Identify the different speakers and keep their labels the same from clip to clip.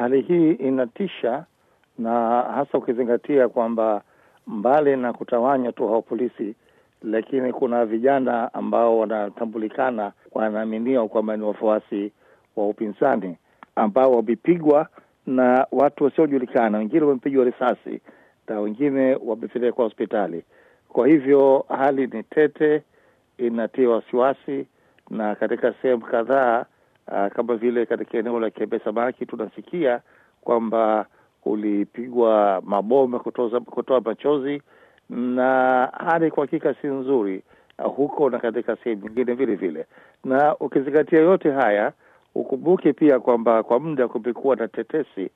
Speaker 1: hali hii inatisha, na hasa ukizingatia kwamba mbali na kutawanya tu hao polisi, lakini kuna vijana ambao wanatambulikana, wanaaminia kwamba ni wafuasi wa upinzani ambao wamepigwa na watu wasiojulikana. Wengine wamepigwa risasi na wengine wamepelekwa hospitali. Kwa hivyo hali ni tete, inatia wasiwasi, na katika sehemu kadhaa uh, kama vile katika eneo la Kiembe Samaki tunasikia kwamba kulipigwa mabome kutoa machozi, na hali kwa hakika si nzuri uh, huko na katika sehemu nyingine vile vile. Na ukizingatia yote haya, ukumbuke pia kwamba kwa muda kumekuwa na tetesi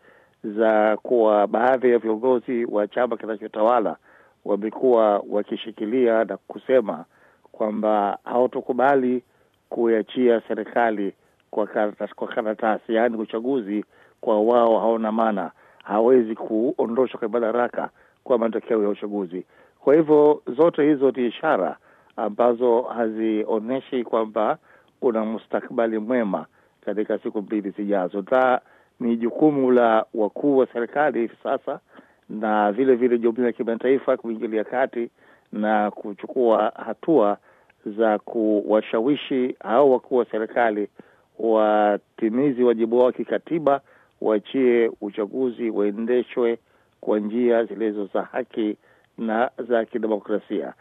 Speaker 1: za kuwa baadhi ya viongozi wa chama kinachotawala wamekuwa wakishikilia na kusema kwamba hawatokubali kuiachia serikali kwa karatasi, kwa karatasi yaani uchaguzi kwa wao haona maana, hawezi kuondoshwa kwa madaraka kwa matokeo ya uchaguzi. Kwa hivyo zote hizo ni ishara ambazo hazionyeshi kwamba kuna mustakbali mwema katika siku mbili zijazo, na ni jukumu la wakuu wa serikali hivi sasa na vile vile jumuiya ya kimataifa kuingilia kati na kuchukua hatua za kuwashawishi hao wakuu wa serikali watimizi wajibu wao kikatiba, waachie uchaguzi waendeshwe kwa njia zilizo za haki na za kidemokrasia.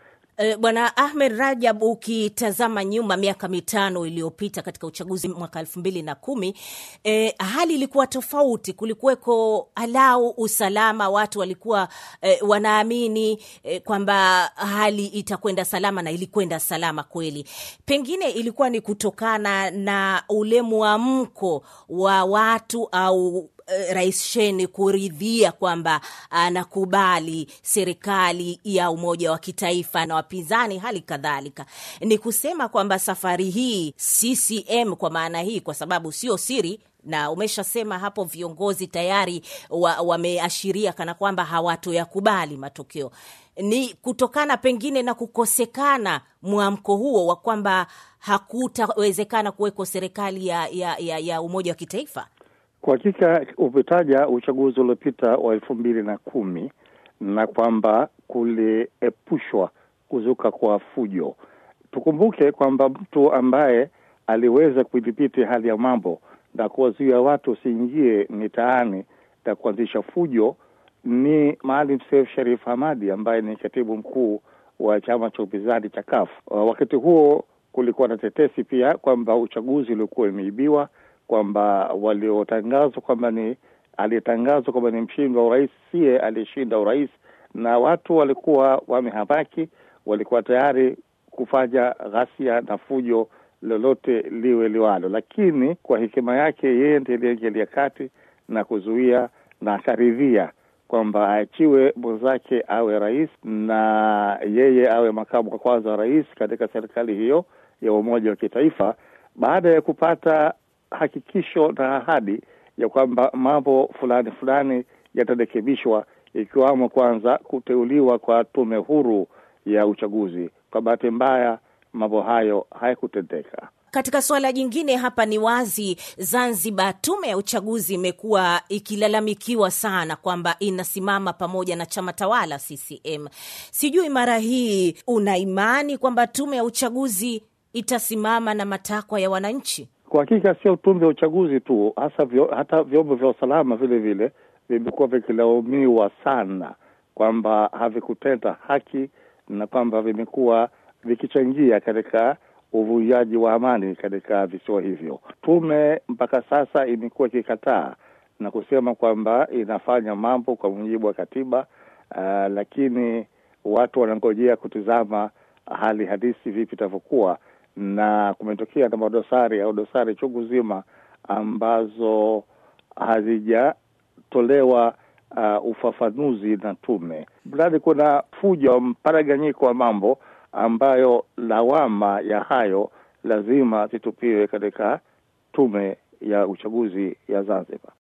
Speaker 2: Eh, Bwana Ahmed Rajab, ukitazama nyuma miaka mitano iliyopita katika uchaguzi mwaka elfu mbili na kumi e, hali ilikuwa tofauti. Kulikuweko alau usalama, watu walikuwa e, wanaamini e, kwamba hali itakwenda salama na ilikwenda salama kweli. Pengine ilikuwa ni kutokana na ule mwamko wa watu au Eh, Rais Sheni kuridhia kwamba anakubali serikali ya umoja wa kitaifa na wapinzani hali kadhalika. Ni kusema kwamba safari hii CCM kwa maana hii, kwa sababu sio siri na umeshasema hapo, viongozi tayari wameashiria wa kana kwamba hawatoyakubali matokeo, ni kutokana pengine na kukosekana mwamko huo wa kwamba hakutawezekana kuweko serikali ya, ya, ya, ya umoja wa kitaifa.
Speaker 1: Kwa hakika umetaja uchaguzi uliopita wa elfu mbili na kumi na kwamba kuliepushwa kuzuka kwa fujo. Tukumbuke kwamba mtu ambaye aliweza kudhibiti hali ya mambo na kuwazuia watu wasiingie mitaani na kuanzisha fujo ni Maalim Seif Sharif Hamadi ambaye ni katibu mkuu wa chama cha upinzani cha CUF. Wakati huo kulikuwa na tetesi pia kwamba uchaguzi uliokuwa umeibiwa kwamba waliotangazwa kwamba ni aliyetangazwa kwamba ni mshindi wa urais siye aliyeshinda urais, na watu walikuwa wamehamaki, walikuwa tayari kufanya ghasia na fujo lolote liwe liwalo, lakini kwa hekima yake yeye ndiye aliyeingilia kati na kuzuia na akaridhia kwamba aachiwe mwenzake awe rais na yeye awe makamu wa kwanza wa rais katika serikali hiyo ya umoja wa kitaifa, baada ya kupata hakikisho na ahadi ya kwamba mambo fulani fulani yatarekebishwa, ikiwamo kwanza kuteuliwa kwa tume huru ya uchaguzi. Kwa bahati mbaya, mambo hayo hayakutendeka.
Speaker 2: Katika suala jingine hapa ni wazi, Zanzibar tume ya uchaguzi imekuwa ikilalamikiwa sana kwamba inasimama pamoja na chama tawala CCM. Sijui mara hii una imani kwamba tume ya uchaguzi itasimama na matakwa ya wananchi?
Speaker 1: Kwa hakika sio tume ya uchaguzi tu, hasa vyo, hata vyombo vya usalama vile vile vimekuwa vikilaumiwa sana kwamba havikutenda haki na kwamba vimekuwa vikichangia katika uvujaji wa amani katika visiwa hivyo. Tume mpaka sasa imekuwa ikikataa na kusema kwamba inafanya mambo kwa mujibu wa katiba uh, lakini watu wanangojea kutizama hali halisi vipi itavyokuwa na kumetokea na madosari au dosari chungu zima ambazo hazijatolewa uh, ufafanuzi na tume. Mradi kuna fujo, mparaganyiko wa mambo ambayo lawama ya hayo lazima zitupiwe katika tume ya uchaguzi ya Zanzibar.